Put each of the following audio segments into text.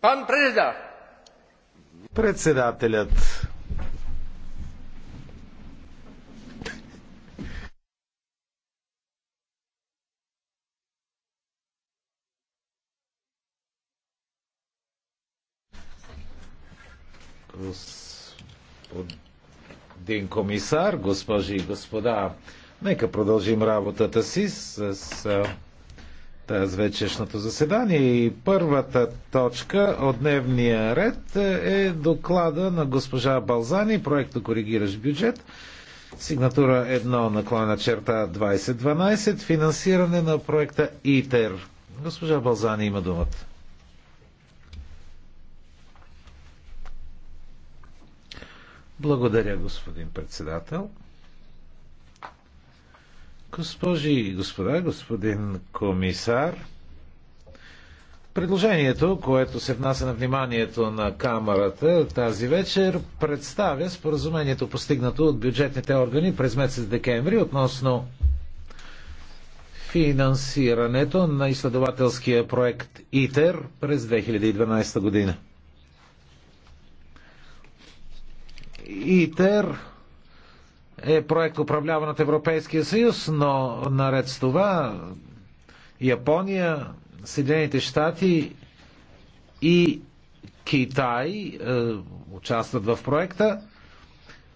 Пан Преда! Председателят. Господин комисар, госпожи и господа, нека продължим работата си с тази вечешното заседание. И първата точка от дневния ред е доклада на госпожа Балзани, Проекта Коригираш бюджет, сигнатура 1 наклона черта 2012, финансиране на проекта ИТЕР. Госпожа Балзани има думата. Благодаря, господин председател. Госпожи и господа, господин комисар, предложението, което се внася на вниманието на Камерата тази вечер, представя споразумението постигнато от бюджетните органи през месец декември относно финансирането на изследователския проект ИТЕР през 2012 година. ИТЕР е проект управляван от Европейския съюз, но наред с това Япония, Съединените щати и Китай е, участват в проекта.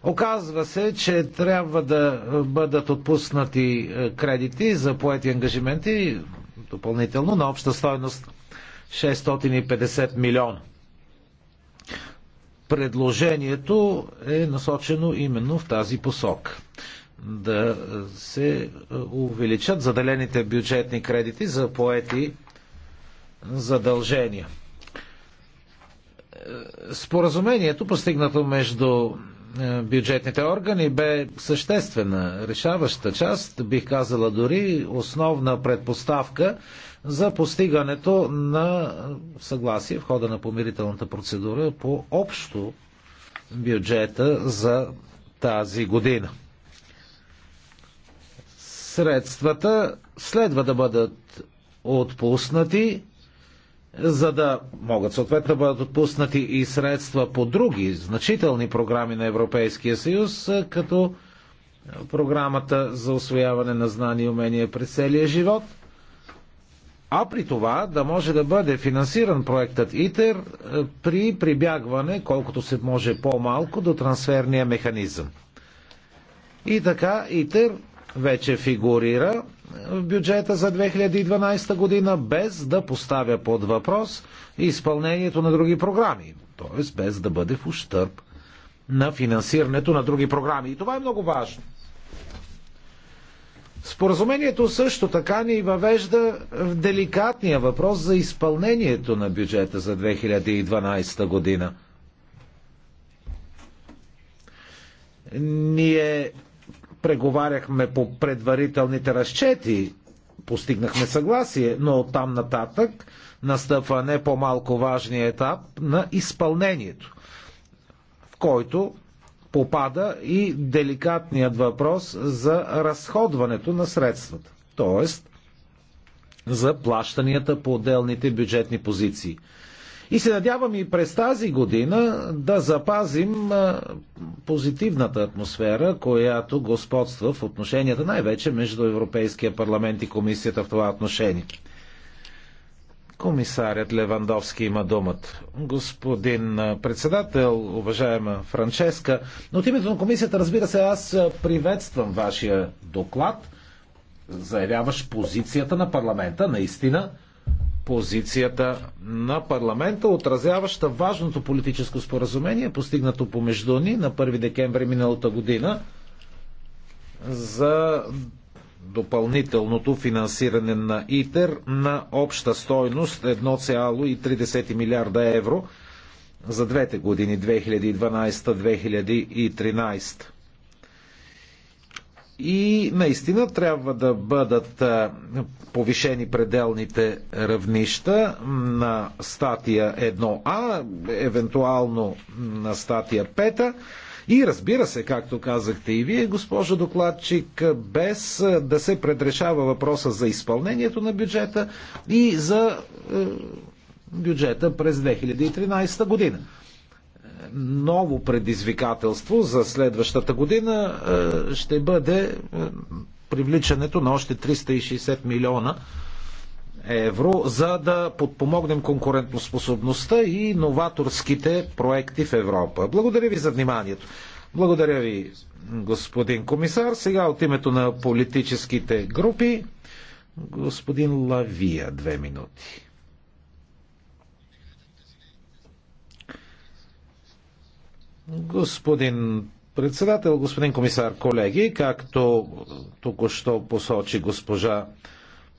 Оказва се, че трябва да бъдат отпуснати е, кредити за поети ангажименти допълнително на обща стоеност 650 милиона предложението е насочено именно в тази посок. Да се е, увеличат заделените бюджетни кредити за поети задължения. Е, споразумението, постигнато между е, бюджетните органи бе съществена, решаваща част, бих казала дори основна предпоставка за постигането на е, съгласие в хода на помирителната процедура по общо бюджета за тази година. Средствата следва да бъдат отпуснати за да могат съответно да бъдат отпуснати и средства по други значителни програми на Европейския съюз, като програмата за освояване на знания и умения през целия живот, а при това да може да бъде финансиран проектът ИТЕР при прибягване, колкото се може по-малко, до трансферния механизъм. И така ИТЕР вече фигурира в бюджета за 2012 година, без да поставя под въпрос изпълнението на други програми, т.е. без да бъде в ущърп на финансирането на други програми. И това е много важно. Споразумението също така ни въвежда в деликатния въпрос за изпълнението на бюджета за 2012 година. Ние преговаряхме по предварителните разчети, постигнахме съгласие, но от там нататък настъпва не по-малко важния етап на изпълнението, в който попада и деликатният въпрос за разходването на средствата, т.е. за плащанията по отделните бюджетни позиции. И се надявам и през тази година да запазим позитивната атмосфера, която господства в отношенията най-вече между Европейския парламент и комисията в това отношение. Комисарят Левандовски има думата. Господин председател, уважаема Франческа, но от името на комисията, разбира се, аз приветствам вашия доклад, заявяваш позицията на парламента, наистина – позицията на парламента, отразяваща важното политическо споразумение, постигнато помежду ни на 1 декември миналата година за допълнителното финансиране на ИТЕР на обща стойност 1,3 милиарда евро за двете години 2012-2013 и наистина трябва да бъдат повишени пределните равнища на статия 1А, евентуално на статия 5. И разбира се, както казахте и вие, госпожо докладчик, без да се предрешава въпроса за изпълнението на бюджета и за бюджета през 2013 година ново предизвикателство за следващата година е, ще бъде е, привличането на още 360 милиона евро, за да подпомогнем конкурентоспособността и новаторските проекти в Европа. Благодаря ви за вниманието. Благодаря ви, господин комисар. Сега от името на политическите групи, господин Лавия, две минути. Господин председател, господин комисар, колеги, както току-що посочи госпожа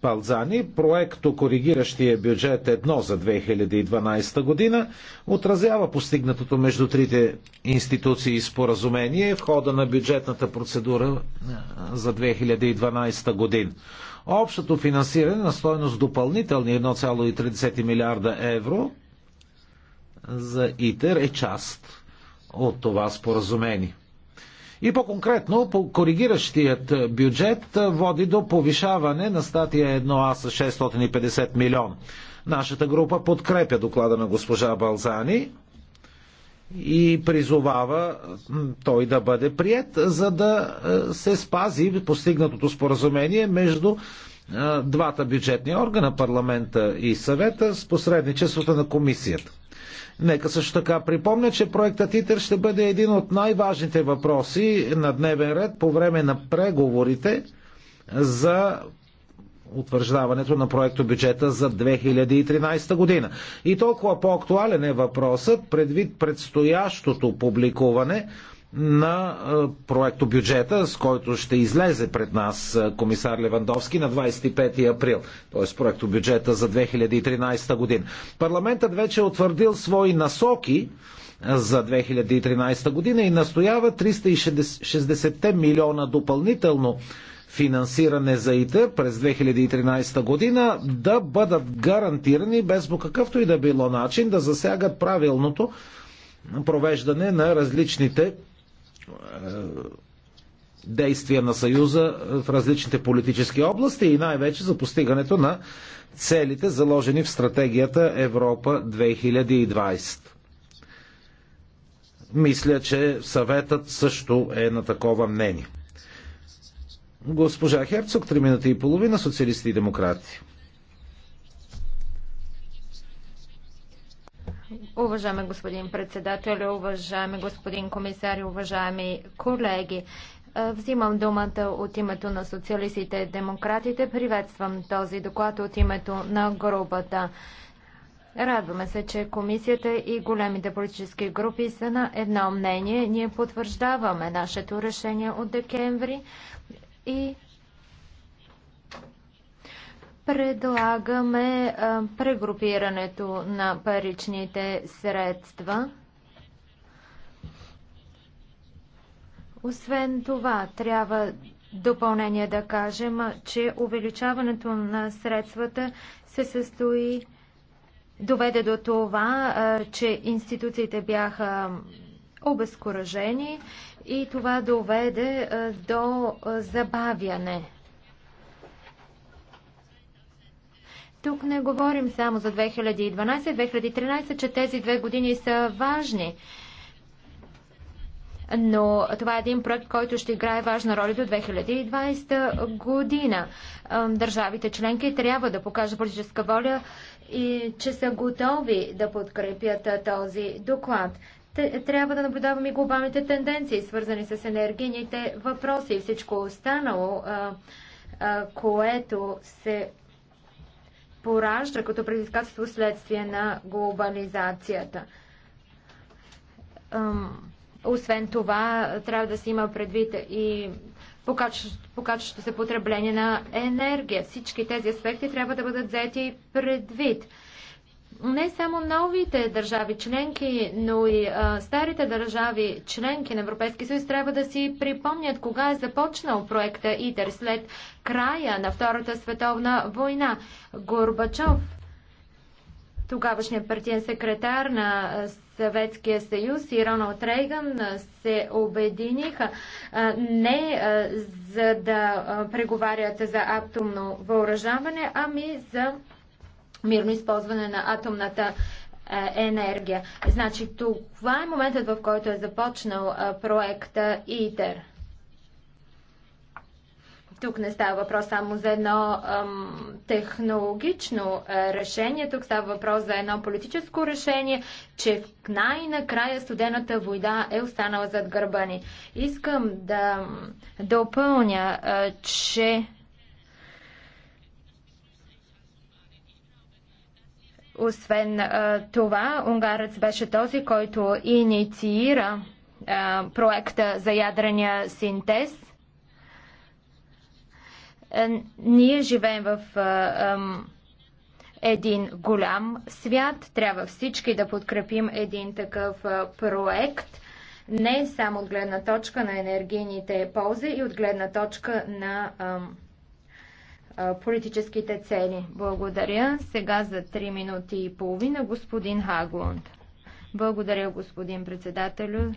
Палзани, проекто коригиращия бюджет 1 за 2012 година отразява постигнатото между трите институции споразумение в хода на бюджетната процедура за 2012 година. Общото финансиране на стоеност допълнителни 1,3 милиарда евро за ИТЕР е част от това споразумение. И по-конкретно, по коригиращият бюджет води до повишаване на статия 1А с 650 милион. Нашата група подкрепя доклада на госпожа Балзани и призовава той да бъде прият, за да е, се спази постигнатото споразумение между двата бюджетни органа, парламента и съвета, с посредничеството на комисията. Нека също така припомня, че проектът ИТЕР ще бъде един от най-важните въпроси на дневен ред по време на преговорите за утвърждаването на проекто бюджета за 2013 година. И толкова по-актуален е въпросът предвид предстоящото публикуване на проекто бюджета, с който ще излезе пред нас комисар Левандовски на 25 април, т.е. проекто бюджета за 2013 година. Парламентът вече е утвърдил свои насоки за 2013 година и настоява 360 милиона допълнително финансиране за ИТЕР през 2013 година да бъдат гарантирани без по какъвто и да било начин да засягат правилното провеждане на различните е, действия на Съюза в различните политически области и най-вече за постигането на целите, заложени в стратегията Европа 2020. Мисля, че съветът също е на такова мнение. Госпожа Херцог, 3 минути и половина, социалисти и демократи. Уважаеми господин председател, уважаеми господин комисар, уважаеми колеги. Взимам думата от името на социалистите и демократите. Приветствам този доклад от името на групата. Радваме се, че комисията и големите политически групи са на едно мнение. Ние потвърждаваме нашето решение от декември и Предлагаме а, прегрупирането на паричните средства. Освен това, трябва допълнение да кажем, че увеличаването на средствата се състои доведе до това, а, че институциите бяха обезкуражени и това доведе а, до забавяне Тук не говорим само за 2012-2013, че тези две години са важни. Но това е един проект, който ще играе важна роля до 2020 година. Държавите членки трябва да покажат политическа воля и че са готови да подкрепят този доклад трябва да наблюдаваме глобалните тенденции, свързани с енергийните въпроси и всичко останало, което се поражда като предизвикателство следствие на глобализацията. Освен това, трябва да се има предвид и покачващо се потребление на енергия. Всички тези аспекти трябва да бъдат взети предвид не само новите държави членки, но и а, старите държави членки на Европейския съюз трябва да си припомнят кога е започнал проекта ИТЕР след края на Втората световна война. Горбачов, тогавашният партиен секретар на Съветския съюз и Роналд Рейган се обединиха не за да преговарят за атомно въоръжаване, ами за мирно използване на атомната е, енергия. Значи това е моментът, в който е започнал е, проекта ИТЕР. Тук не става въпрос само за едно ам, технологично е, решение, тук става въпрос за едно политическо решение, че най-накрая студената война е останала зад гърба ни. Искам да допълня, е, че Освен това, унгарец беше този, който инициира проекта за ядрения синтез. Е, ние живеем в един голям свят. Трябва всички да подкрепим един такъв проект, не само от гледна точка на енергийните ползи и от гледна точка на политическите цели. Благодаря. Сега за 3 минути и половина господин Хаглунд. Благодаря, господин председателю.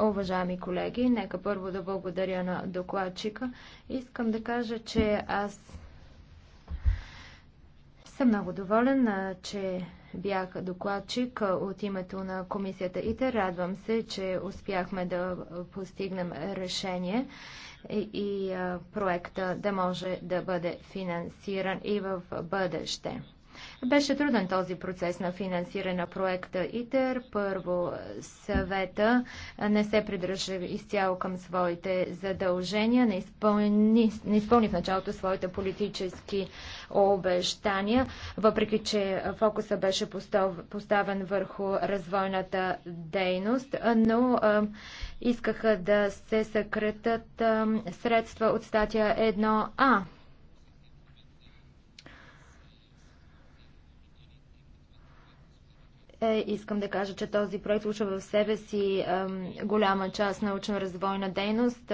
Уважаеми колеги, нека първо да благодаря на докладчика. Искам да кажа, че аз съм много доволен, че бях докладчик от името на комисията ИТЕ. Радвам се, че успяхме да постигнем решение и, проекта да може да бъде финансиран и в бъдеще. Беше труден този процес на финансиране на проекта ИТЕР. Първо, съвета не се придържа изцяло към своите задължения, не изпълни, не изпълни в началото своите политически обещания, въпреки че фокуса беше поставен върху развойната дейност, но искаха да се съкретат средства от статия 1А Е, искам да кажа, че този проект включва в себе си голяма част научно-развойна дейност,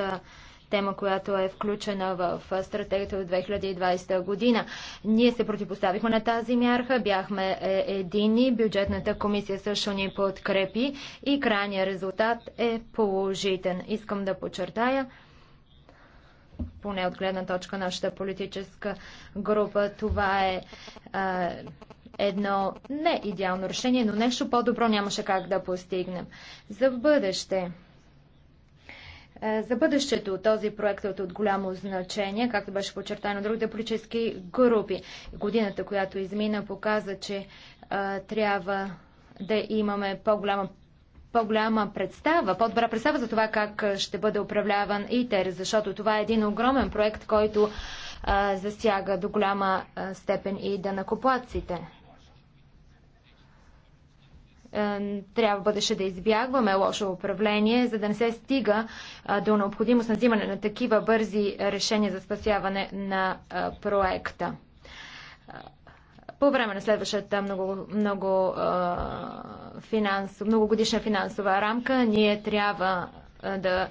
тема, която е включена в стратегията от 2020 година. Ние се противопоставихме на тази мярка, бяхме е, едини, бюджетната комисия също ни подкрепи и крайният резултат е положителен. Искам да подчертая, поне от гледна точка нашата политическа група, това е едно не идеално решение, но нещо по-добро нямаше как да постигнем. За бъдеще. Е, за бъдещето този проект е от голямо значение, както беше подчертано другите политически групи. Годината, която измина, показа, че а, е, трябва да имаме по-голяма по-голяма представа, по-добра представа за това как е, ще бъде управляван ИТЕР, защото това е един огромен проект, който а, засяга до голяма а, степен и накоплаците. Е, трябва бъдеше да избягваме лошо управление, за да не се стига до необходимост на взимане на такива бързи решения за спасяване на проекта. По време на следващата много, много, финансов, многогодишна финансова рамка ние трябва да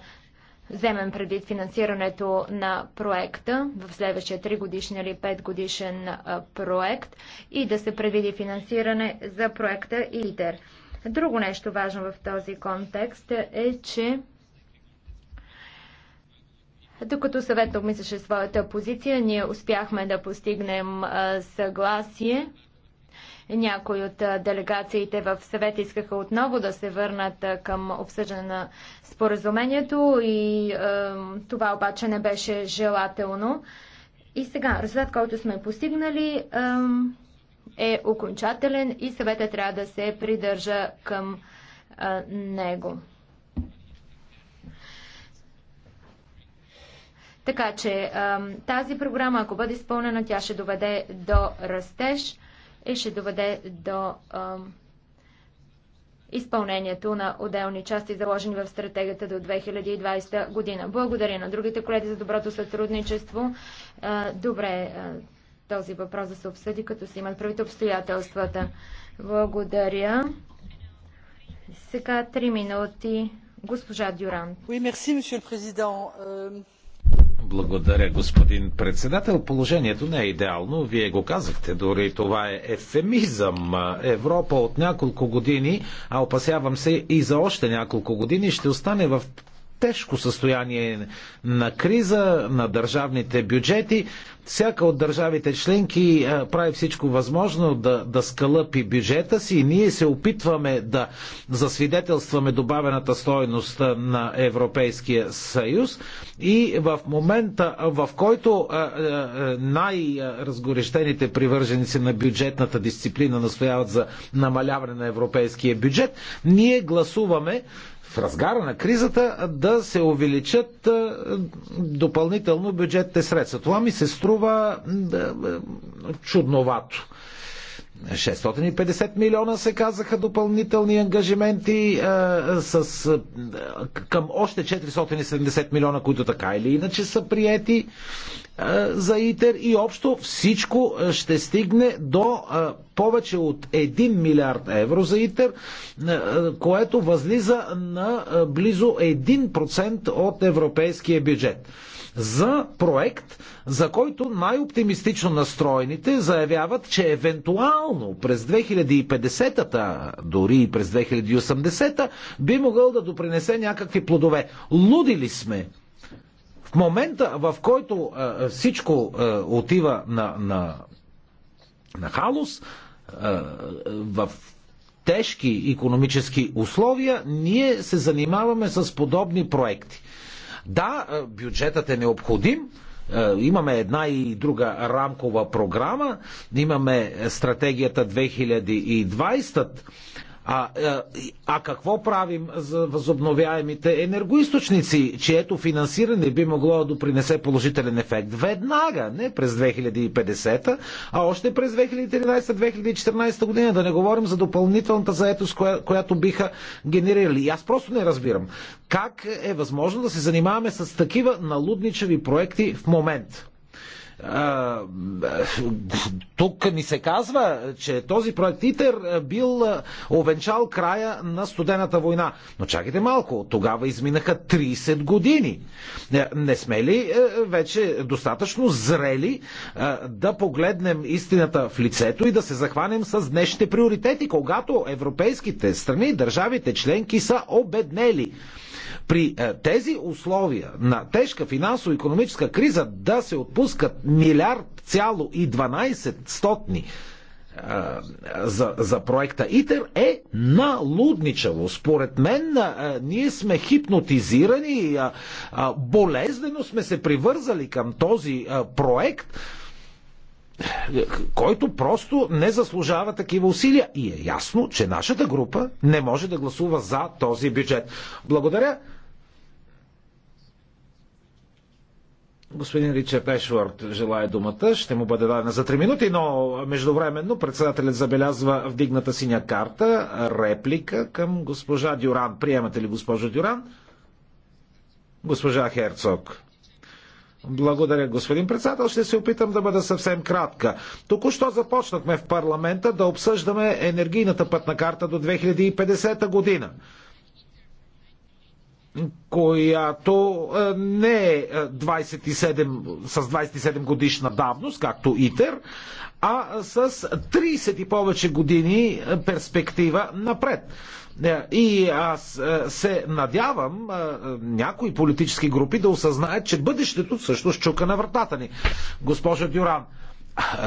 вземем предвид финансирането на проекта в следващия 3 годишен или 5 годишен проект и да се предвиди финансиране за проекта ИТЕР. Друго нещо важно в този контекст е, че докато съветът обмисляше своята позиция, ние успяхме да постигнем съгласие някои от делегациите в съвет искаха отново да се върнат към обсъждане на споразумението и е, това обаче не беше желателно. И сега, резултат, който сме постигнали, е, е окончателен и съвета трябва да се придържа към е, него. Така че тази програма, ако бъде изпълнена, тя ще доведе до растеж и ще доведе до а, изпълнението на отделни части, заложени в стратегията до 2020 година. Благодаря на другите колеги за доброто сътрудничество. А, добре, а, този въпрос да се обсъди, като се имат правите обстоятелствата. Благодаря. Сега три минути. Госпожа Дюран. Oui, merci, благодаря, господин председател. Положението не е идеално. Вие го казахте. Дори това е ефемизъм. Европа от няколко години, а опасявам се и за още няколко години, ще остане в тежко състояние на криза на държавните бюджети. Всяка от държавите членки прави всичко възможно да, да скалъпи бюджета си и ние се опитваме да засвидетелстваме добавената стойност на Европейския съюз и в момента, в който най-разгорещените привърженици на бюджетната дисциплина настояват за намаляване на европейския бюджет, ние гласуваме в разгара на кризата да се увеличат допълнително бюджетните средства. Това ми се струва чудновато. 650 милиона се казаха допълнителни ангажименти а, е, е, с, а, е, към още 470 милиона, които така или иначе са приети а, за ИТЕР и общо всичко ще стигне до а, повече от 1 милиард евро за ИТЕР, а, което възлиза на а, близо 1% от европейския бюджет за проект, за който най-оптимистично настроените заявяват, че евентуално през 2050-та, дори и през 2080-та, би могъл да допринесе някакви плодове. Луди ли сме? В момента, в който е, всичко е, отива на, на, на халус, е, в тежки економически условия, ние се занимаваме с подобни проекти. Да, е, бюджетът е необходим, е, имаме една и друга рамкова програма, имаме стратегията 2020 а, а, е, а какво правим за възобновяемите енергоисточници, чието финансиране би могло да допринесе положителен ефект? Веднага, не през 2050, а още през 2013-2014 година. Да не говорим за допълнителната заетост, коя, която биха генерирали. И аз просто не разбирам. Как е възможно да се занимаваме с такива налудничави проекти в момент? тук ни се казва, че този проект ИТЕР бил овенчал края на студената война. Но чакайте малко, тогава изминаха 30 години. Е, не сме ли е, вече достатъчно зрели е, да погледнем истината в лицето и да се захванем с днешните приоритети, когато европейските страни, държавите членки са обеднели? При е, тези условия на тежка финансово-економическа криза да се отпускат милиард цяло и 12 стотни е, за, за проекта ИТЕР е налудничаво. Според мен а, е, ние сме хипнотизирани, а, а, болезнено сме се привързали към този а, проект, който просто не заслужава такива усилия. И е ясно, че нашата група не може да гласува за този бюджет. Благодаря. Господин Ричард Ешворд желая думата. Ще му бъде дадена за 3 минути, но междувременно председателят забелязва вдигната синя карта, реплика към госпожа Дюран. Приемате ли госпожа Дюран? Госпожа Херцог. Благодаря, господин председател. Ще се опитам да бъда съвсем кратка. Току-що започнахме в парламента да обсъждаме енергийната пътна карта до 2050 година която е, не е 27, е, с 27 годишна давност, както ИТЕР, а с 30 и повече години е, перспектива напред. И аз се надявам някои политически групи да осъзнаят, че бъдещето също щука на вратата ни. Госпожа Дюран,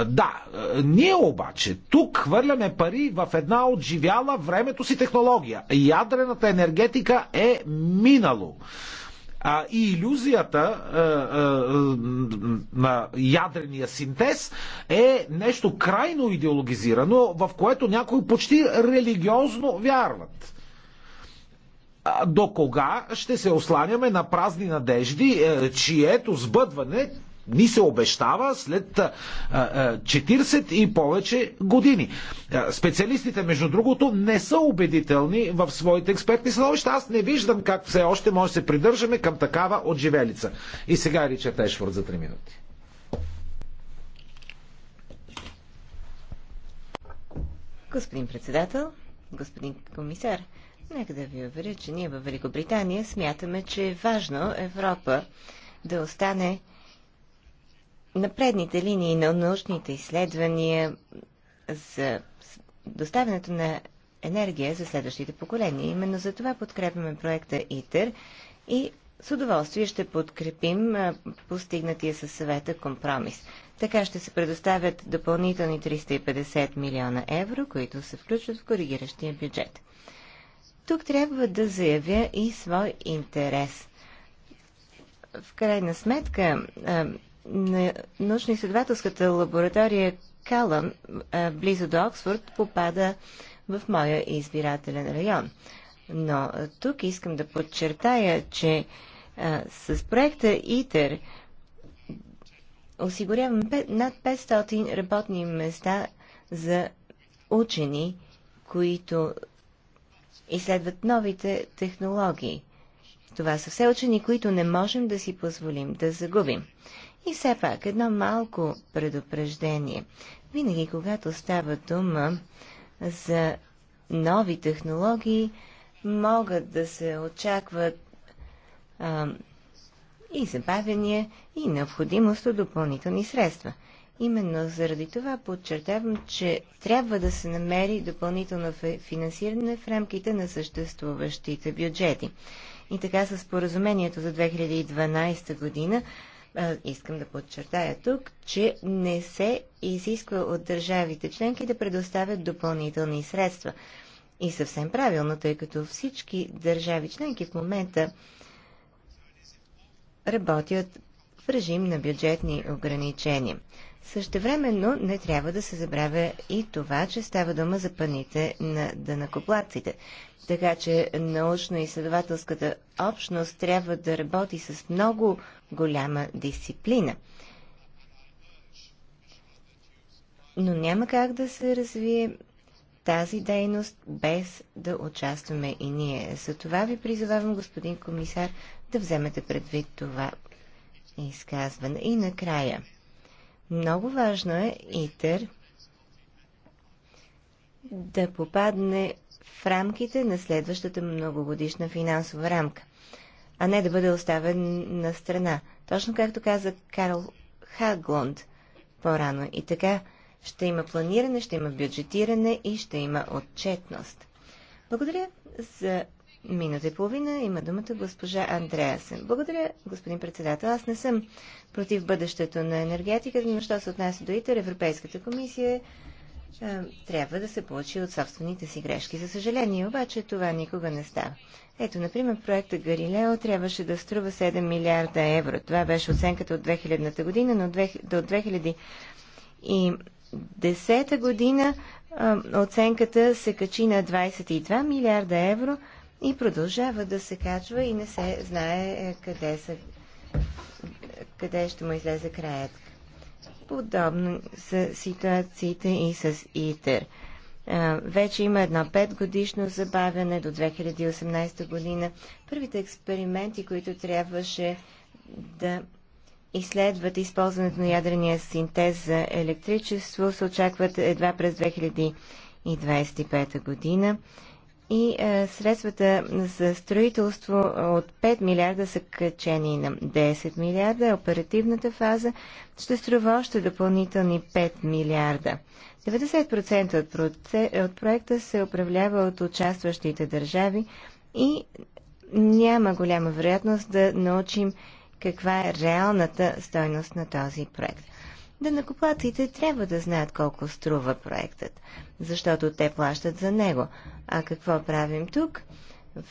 да, ние обаче тук хвърляме пари в една отживяла времето си технология. Ядрената енергетика е минало. А, и иллюзията а, а, на ядрения синтез е нещо крайно идеологизирано, в което някои почти религиозно вярват до кога ще се осланяме на празни надежди, е, чието сбъдване ни се обещава след 40 и повече години. Специалистите, между другото, не са убедителни в своите експертни становища. Аз не виждам как все още може да се придържаме към такава отживелица. И сега Ричард Ешфорд за 3 минути. Господин председател, господин комисар, нека да ви уверя, че ние в Великобритания смятаме, че е важно Европа да остане на предните линии на научните изследвания за доставянето на енергия за следващите поколения. Именно за това подкрепяме проекта ИТЕР и с удоволствие ще подкрепим постигнатия със съвета компромис. Така ще се предоставят допълнителни 350 милиона евро, които се включват в коригиращия бюджет. Тук трябва да заявя и свой интерес. В крайна сметка, на научно-изследователската лаборатория Калън, близо до Оксфорд, попада в моя избирателен район. Но тук искам да подчертая, че а, с проекта ИТЕР осигурявам над 500 работни места за учени, които изследват новите технологии. Това са все учени, които не можем да си позволим да загубим. И все пак едно малко предупреждение. Винаги, когато става дума за нови технологии, могат да се очакват а, и забавяния, и необходимост от допълнителни средства. Именно заради това подчертавам, че трябва да се намери допълнително финансиране в рамките на съществуващите бюджети. И така с поразумението за 2012 година Искам да подчертая тук, че не се изисква от държавите членки да предоставят допълнителни средства. И съвсем правилно, тъй като всички държави членки в момента работят в режим на бюджетни ограничения. Същевременно не трябва да се забравя и това, че става дума за паните на дънакоплаците. Така че научно-изследователската общност трябва да работи с много голяма дисциплина. Но няма как да се развие тази дейност без да участваме и ние. За това ви призовавам, господин комисар, да вземете предвид това изказване. И накрая – много важно е ИТЕР да попадне в рамките на следващата многогодишна финансова рамка, а не да бъде оставен на страна. Точно както каза Карл Хаглонд по-рано. И така ще има планиране, ще има бюджетиране и ще има отчетност. Благодаря за Минута и половина има думата госпожа Андреасен. Благодаря, господин председател. Аз не съм против бъдещето на енергетиката, но що се отнася до ИТЕР, Европейската комисия трябва да се получи от собствените си грешки. За съжаление, обаче това никога не става. Ето, например, проекта Галилео трябваше да струва 7 милиарда евро. Това беше оценката от 2000-та година, но до 2010 година оценката се качи на 22 милиарда евро – и продължава да се качва и не се знае е, къде, са, къде ще му излезе краят. Подобно са ситуациите и с ИТЕР. Вече има едно 5 годишно забавяне до 2018 година. Първите експерименти, които трябваше да изследват използването на ядрения синтез за електричество, се очакват едва през 2025 година и е, средствата за строителство от 5 милиарда са качени на 10 милиарда. Оперативната фаза ще струва още допълнителни 5 милиарда. 90% от, проце... от проекта се управлява от участващите държави и няма голяма вероятност да научим каква е реалната стойност на този проект. Да трябва да знаят колко струва проектът, защото те плащат за него. А какво правим тук?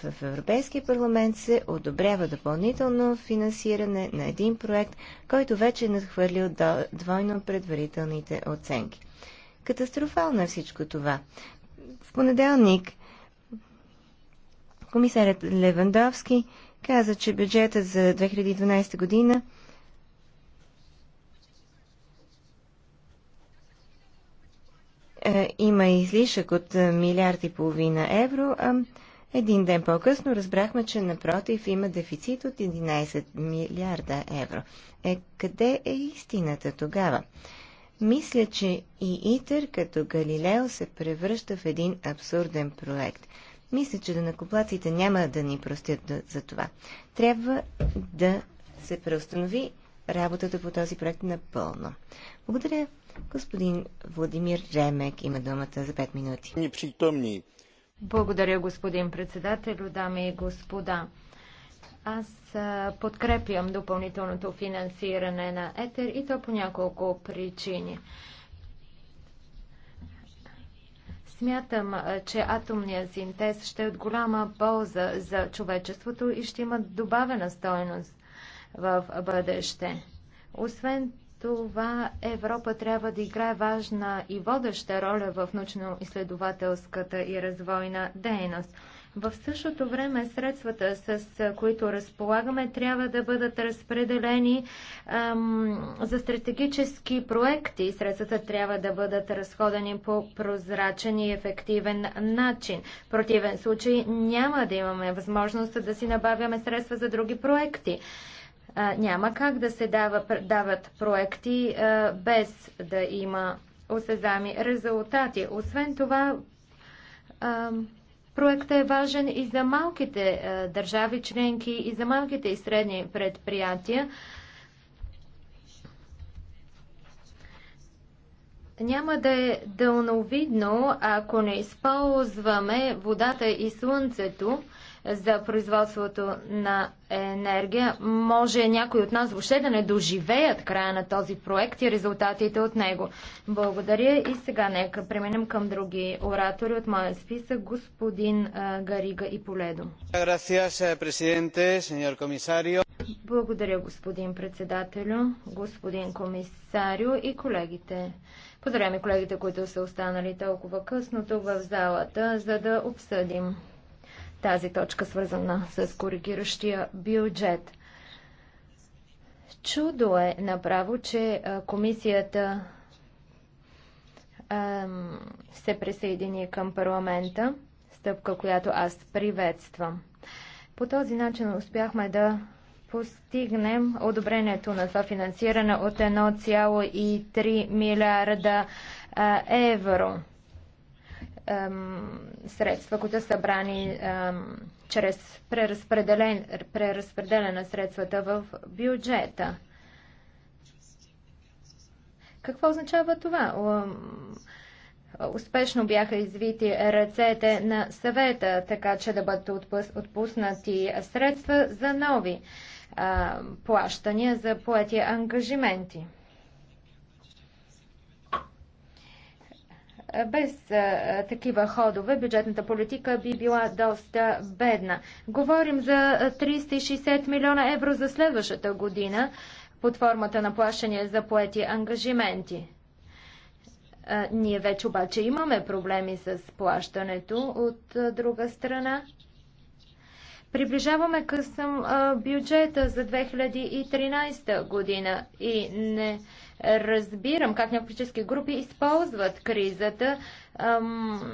В Европейския парламент се одобрява допълнително финансиране на един проект, който вече е надхвърлил двойно предварителните оценки. Катастрофално е всичко това. В понеделник комисарят Левандовски каза, че бюджетът за 2012 година Е, има излишък от е, милиард и половина евро, а един ден по-късно разбрахме, че напротив има дефицит от 11 милиарда евро. Е, къде е истината тогава? Мисля, че и ИТЕР като Галилео се превръща в един абсурден проект. Мисля, че данакоплаците няма да ни простят за това. Трябва да се преустанови работата по този проект напълно. Благодаря. Господин Владимир Ремек има думата за 5 минути. Непритомни. Благодаря, господин председател, дами и господа. Аз подкрепям допълнителното финансиране на ЕТЕР и то по няколко причини. Смятам, че атомният синтез ще е от голяма полза за човечеството и ще има добавена стойност в бъдеще. Освен това, Европа трябва да играе важна и водеща роля в научно-изследователската и развойна дейност. В същото време средствата, с които разполагаме, трябва да бъдат разпределени ам, за стратегически проекти. Средствата трябва да бъдат разходени по прозрачен и ефективен начин. В противен случай няма да имаме възможност да си набавяме средства за други проекти няма как да се дава, дават проекти без да има осезами резултати. Освен това, проектът е важен и за малките държави членки, и за малките и средни предприятия. Няма да е дълновидно, ако не използваме водата и слънцето, за производството на енергия. Може някой от нас въобще да не доживеят края на този проект и резултатите от него. Благодаря и сега нека преминем към други оратори от моя списък. Господин Гарига и Поледо. Благодаря, господин председателю, господин комисарио и колегите. Поздравяме колегите, които са останали толкова късно тук в залата, за да обсъдим тази точка, свързана с коригиращия бюджет. Чудо е направо, че комисията се присъедини към парламента, стъпка, която аз приветствам. По този начин успяхме да постигнем одобрението на това финансиране от 1,3 милиарда евро средства, които са събрани чрез преразпределение на средствата в бюджета. Какво означава това? Успешно бяха извити ръцете на съвета, така че да бъдат отпуснати средства за нови плащания за поети ангажименти. Е, без е, такива ходове бюджетната политика би била доста бедна. Говорим за 360 е, милиона евро за следващата година под формата на плащане за поети ангажименти. ние вече обаче имаме проблеми с плащането от друга страна. Приближаваме късъм бюджета за 2013 година и не Разбирам как някои политически групи използват кризата ам,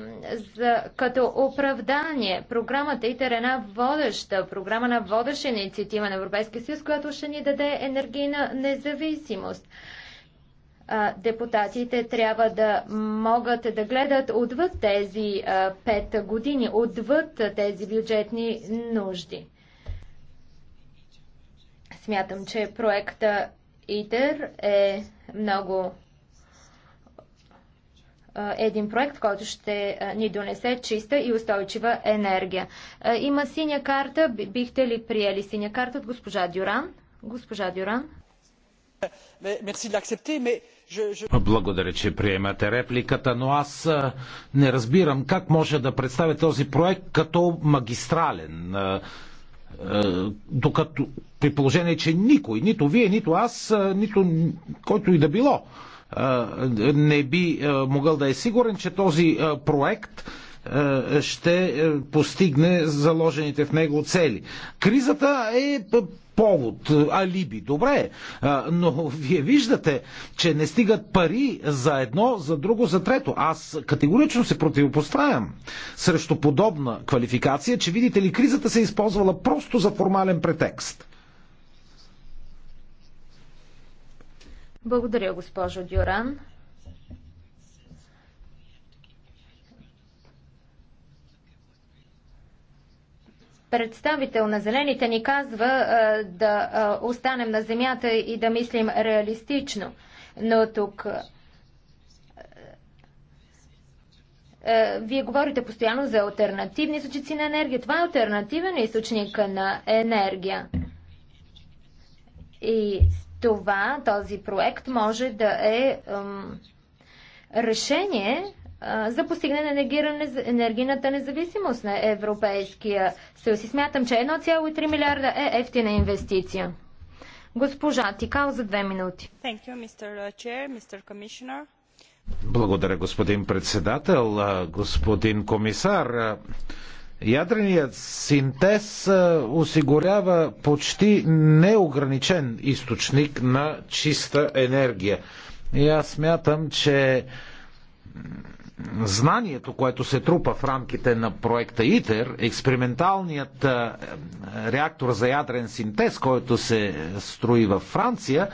за, като оправдание. Програмата ИТЕР е една водеща, програма на водеща инициатива на Европейския съюз, която ще ни даде енергийна независимост депутатите трябва да могат да гледат отвъд тези пет години, отвъд тези бюджетни нужди. Смятам, че проекта ИТЕР е много един проект, който ще ни донесе чиста и устойчива енергия. Има синя карта. Бихте ли приели синя карта от госпожа Дюран? Госпожа Дюран. Благодаря, че приемате репликата, но аз не разбирам как може да представя този проект като магистрален. Е, докато при положение, че никой, нито вие, нито аз, е, нито който и да било, е, не би могъл да е сигурен, че този проект е, ще е, постигне заложените в него цели. Кризата е повод, е, алиби. Добре, но вие виждате, че не стигат пари за едно, за друго, за трето. Аз категорично се противопоставям срещу подобна квалификация, че видите ли, кризата се е използвала просто за формален претекст. Благодаря, госпожо Дюран. представител на Зелените ни казва а, е, да а, е, останем на земята и да мислим реалистично. Но тук а, е, вие говорите постоянно за альтернативни източници на енергия. Това е альтернативен източник на енергия. И това, този проект може да е решение за постигане на енергийната независимост на Европейския съюз. И смятам, че 1,3 милиарда е ефтина инвестиция. Госпожа Тикал за две минути. Thank you, Mr. Uh, Chair, Mr. Commissioner. Благодаря, господин председател, господин комисар. Ядреният синтез осигурява почти неограничен източник на чиста енергия. И аз смятам, че знанието, което се трупа в рамките на проекта ИТЕР, експерименталният реактор за ядрен синтез, който се строи във Франция,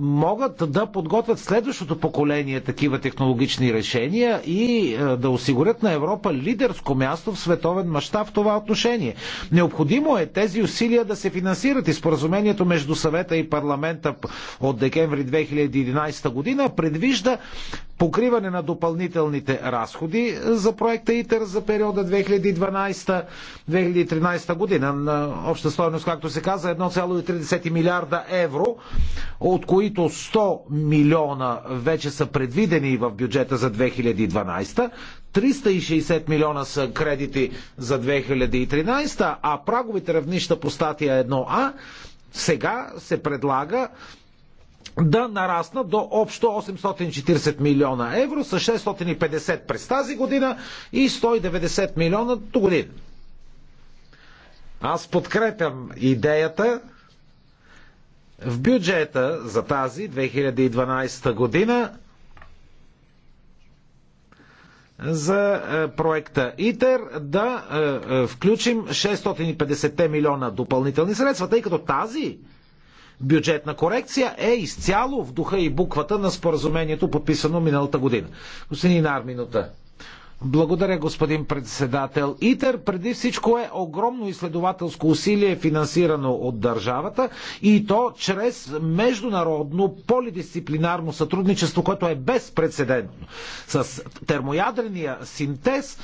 могат да подготвят следващото поколение такива технологични решения и да осигурят на Европа лидерско място в световен мащаб в това отношение. Необходимо е тези усилия да се финансират и споразумението между съвета и парламента от декември 2011 година предвижда покриване на допълнителните разходи за проекта ИТЕР за периода 2012-2013 година на обща стоеност, както се каза, 1,3 милиарда евро, от които 100 милиона вече са предвидени в бюджета за 2012, 360 милиона са кредити за 2013, а праговите равнища по статия 1А сега се предлага да нарасна до общо 840 милиона евро с 650 през тази година и 190 милиона до година. Аз подкрепям идеята в бюджета за тази 2012 година за е, проекта ИТЕР да е, е, включим 650 милиона допълнителни средства, тъй като тази бюджетна корекция е изцяло в духа и буквата на споразумението, подписано миналата година. Господин Инар, минута. Благодаря, господин председател. ИТЕР преди всичко е огромно изследователско усилие, финансирано от държавата и то чрез международно полидисциплинарно сътрудничество, което е безпредседентно. С термоядрения синтез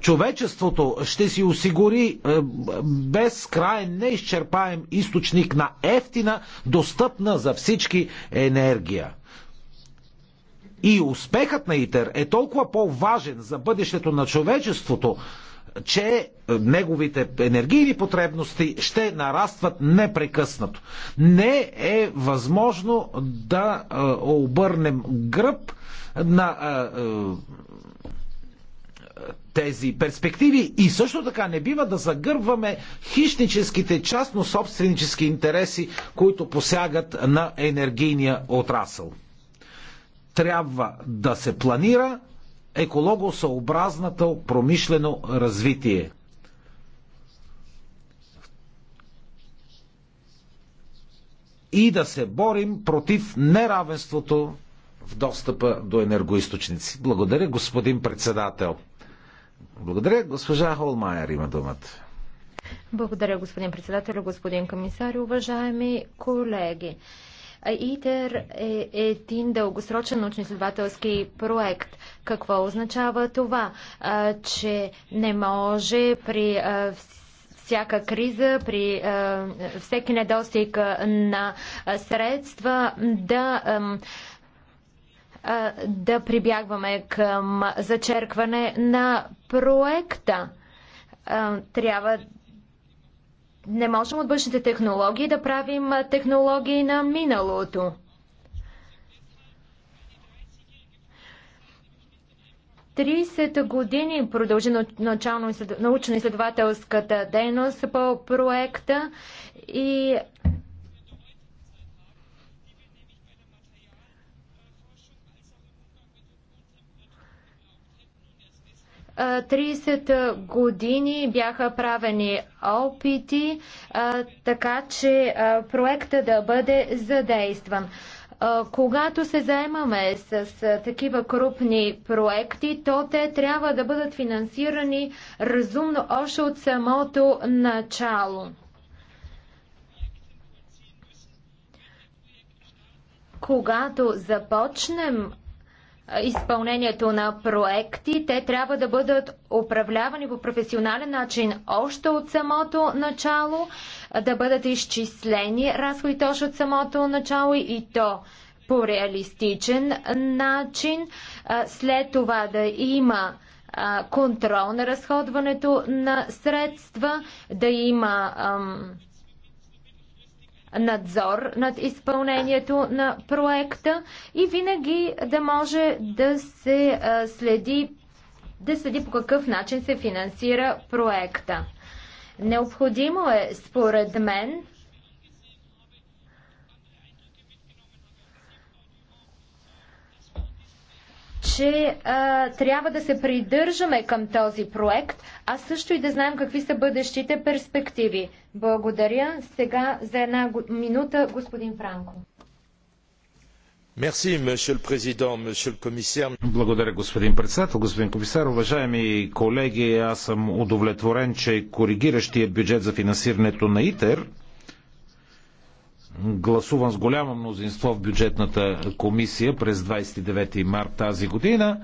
човечеството ще си осигури е, безкрайен, неизчерпаем източник на ефтина, достъпна за всички енергия. И успехът на ИТЕР е толкова по-важен за бъдещето на човечеството, че е, неговите енергийни потребности ще нарастват непрекъснато. Не е възможно да е, обърнем гръб на тези перспективи и също така не бива да загърбваме хищническите частно-собственически интереси, които посягат на енергийния отрасъл. Трябва да се планира екологосъобразната промишлено развитие. И да се борим против неравенството в достъпа до енергоисточници. Благодаря, господин председател. Благодаря. Госпожа Холмайер има думата. Благодаря, господин председател, господин комисар, уважаеми колеги. ИТЕР е един дългосрочен научно-изследователски проект. Какво означава това? А, че не може при а, всяка криза, при а, всеки недостиг на средства да. А, да прибягваме към зачеркване на проекта. Трябва не можем от бъдещите технологии да правим технологии на миналото. Тридесет години продължи научно-изследователската дейност по проекта и 30 години бяха правени опити, така че проекта да бъде задействан. Когато се заемаме с такива крупни проекти, то те трябва да бъдат финансирани разумно още от самото начало. Когато започнем изпълнението на проекти. Те трябва да бъдат управлявани по професионален начин още от самото начало, да бъдат изчислени разходите още от самото начало и то по реалистичен начин. След това да има контрол на разходването на средства, да има надзор над изпълнението на проекта и винаги да може да се следи да следи по какъв начин се финансира проекта. Необходимо е, според мен, че а, трябва да се придържаме към този проект, а също и да знаем какви са бъдещите перспективи. Благодаря. Сега за една минута господин Франко. Благодаря, господин председател, господин комисар. Уважаеми колеги, аз съм удовлетворен, че коригиращия бюджет за финансирането на ИТЕР гласуван с голямо мнозинство в бюджетната комисия през 29 март тази година,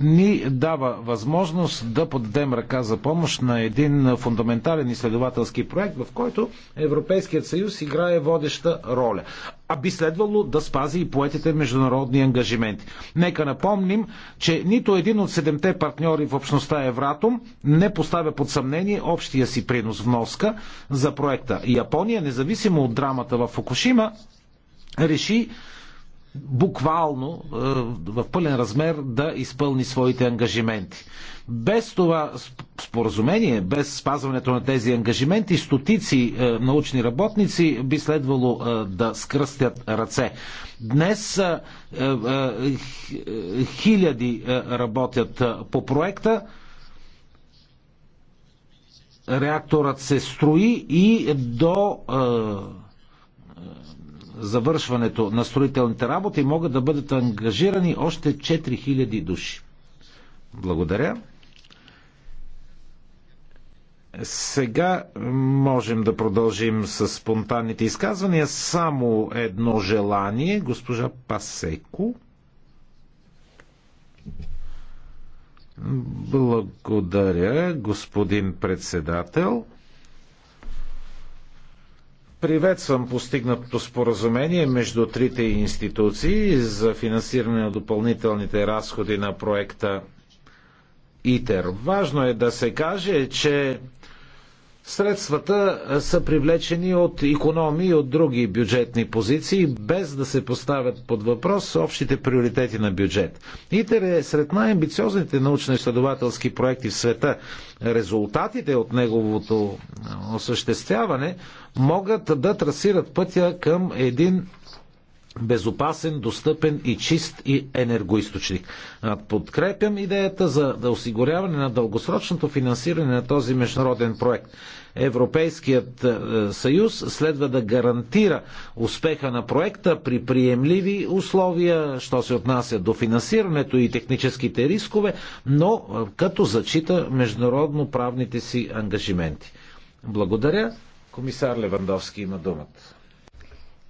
ни дава възможност да подадем ръка за помощ на един фундаментален изследователски проект, в който Европейският съюз играе водеща роля а би следвало да спази и поетите международни ангажименти. Нека напомним, че нито един от седемте партньори в общността Евратом не поставя под съмнение общия си принос вноска за проекта. Япония, независимо от драмата в Фукушима, реши буквално е, в пълен размер да изпълни своите ангажименти. Без това споразумение, без спазването на тези ангажименти, стотици е, научни работници би следвало е, да скръстят ръце. Днес хиляди работят по проекта. Реакторът се строи и до завършването на строителните работи могат да бъдат ангажирани още 4000 души. Благодаря. Сега можем да продължим с спонтанните изказвания. Само едно желание, госпожа Пасеко. Благодаря, господин председател. Приветствам постигнатото споразумение между трите институции за финансиране на допълнителните разходи на проекта ИТЕР. Важно е да се каже, че Средствата е, са привлечени от економии и от други бюджетни позиции, без да се поставят под въпрос общите приоритети на бюджет. ИТЕР е сред най-амбициозните научно-изследователски проекти в света. Резултатите от неговото е, осъществяване могат да трасират пътя към един безопасен, достъпен и чист и енергоисточник. Подкрепям идеята за да осигуряване на дългосрочното финансиране на този международен проект. Европейският е, съюз следва да гарантира успеха на проекта при приемливи условия, що се отнася до финансирането и техническите рискове, но е, като зачита международно правните си ангажименти. Благодаря. Комисар Левандовски има думата.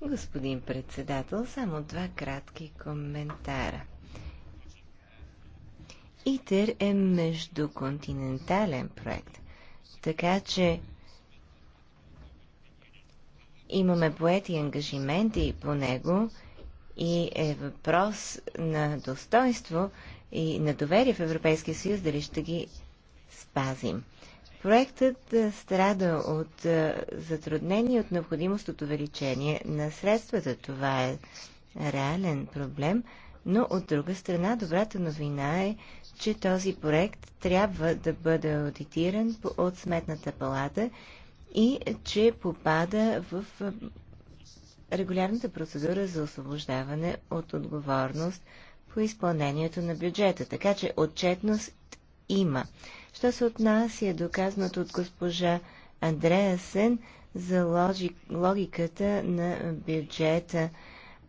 Господин председател, само два кратки коментара. ИТЕР е междуконтинентален проект, така че имаме поети ангажименти по него и е въпрос на достоинство и на доверие в Европейския съюз дали ще ги спазим. Проектът страда от затруднение от необходимост от увеличение на средствата. Това е реален проблем, но от друга страна добрата новина е, че този проект трябва да бъде аудитиран от Сметната палата и че попада в регулярната процедура за освобождаване от отговорност по изпълнението на бюджета. Така че отчетност има. Що се отнася до казаното от госпожа Андреасен за логиката на бюджета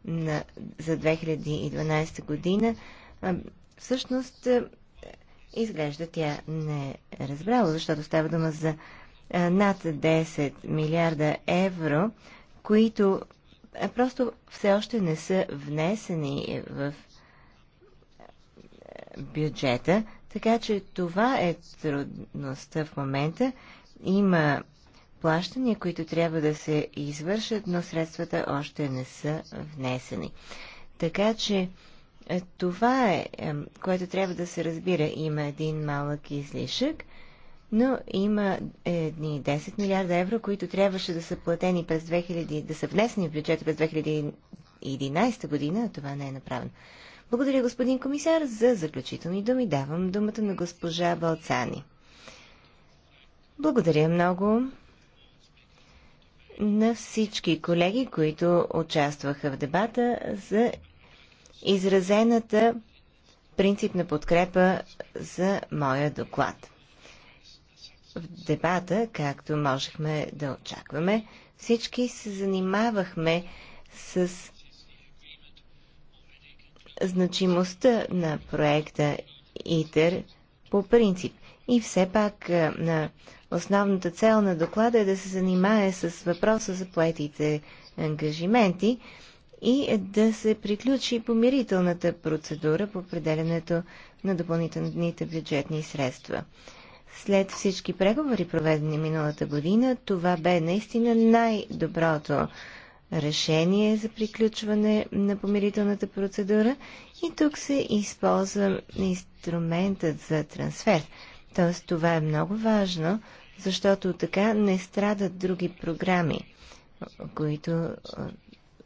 на, за 2012 година, всъщност изглежда тя не е разбрала, защото става дума за над 10 милиарда евро, които просто все още не са внесени в бюджета, така че това е трудността в момента. Има плащания, които трябва да се извършат, но средствата още не са внесени. Така че е, това е, е, което трябва да се разбира. Има един малък излишък, но има едни 10 милиарда евро, които трябваше да са платени през 2000, да са внесени в бюджета през 2011 година, а това не е направено. Благодаря, господин комисар, за заключителни думи. Давам думата на госпожа Балцани. Благодаря много на всички колеги, които участваха в дебата за изразената принципна подкрепа за моя доклад. В дебата, както можехме да очакваме, всички се занимавахме с значимостта на проекта ИТЕР по принцип. И все пак е, на основната цел на доклада е да се занимае с въпроса за поетите ангажименти и да се приключи помирителната процедура по определенето на допълнителните бюджетни средства. След всички преговори, проведени миналата година, това бе наистина най-доброто решение за приключване на помирителната процедура и тук се използва инструментът за трансфер. Тоест това е много важно, защото така не страдат други програми, които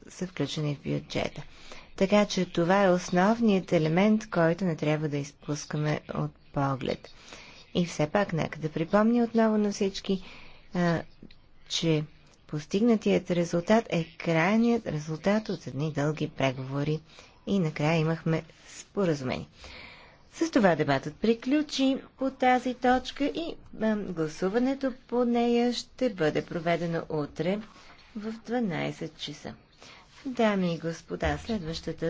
са включени в бюджета. Така че това е основният елемент, който не трябва да изпускаме от поглед. И все пак, нека да припомня отново на всички, че Постигнатият резултат е крайният резултат от едни дълги преговори и накрая имахме споразумение. С това дебатът приключи по тази точка и гласуването по нея ще бъде проведено утре в 12 часа. Дами и господа, следващата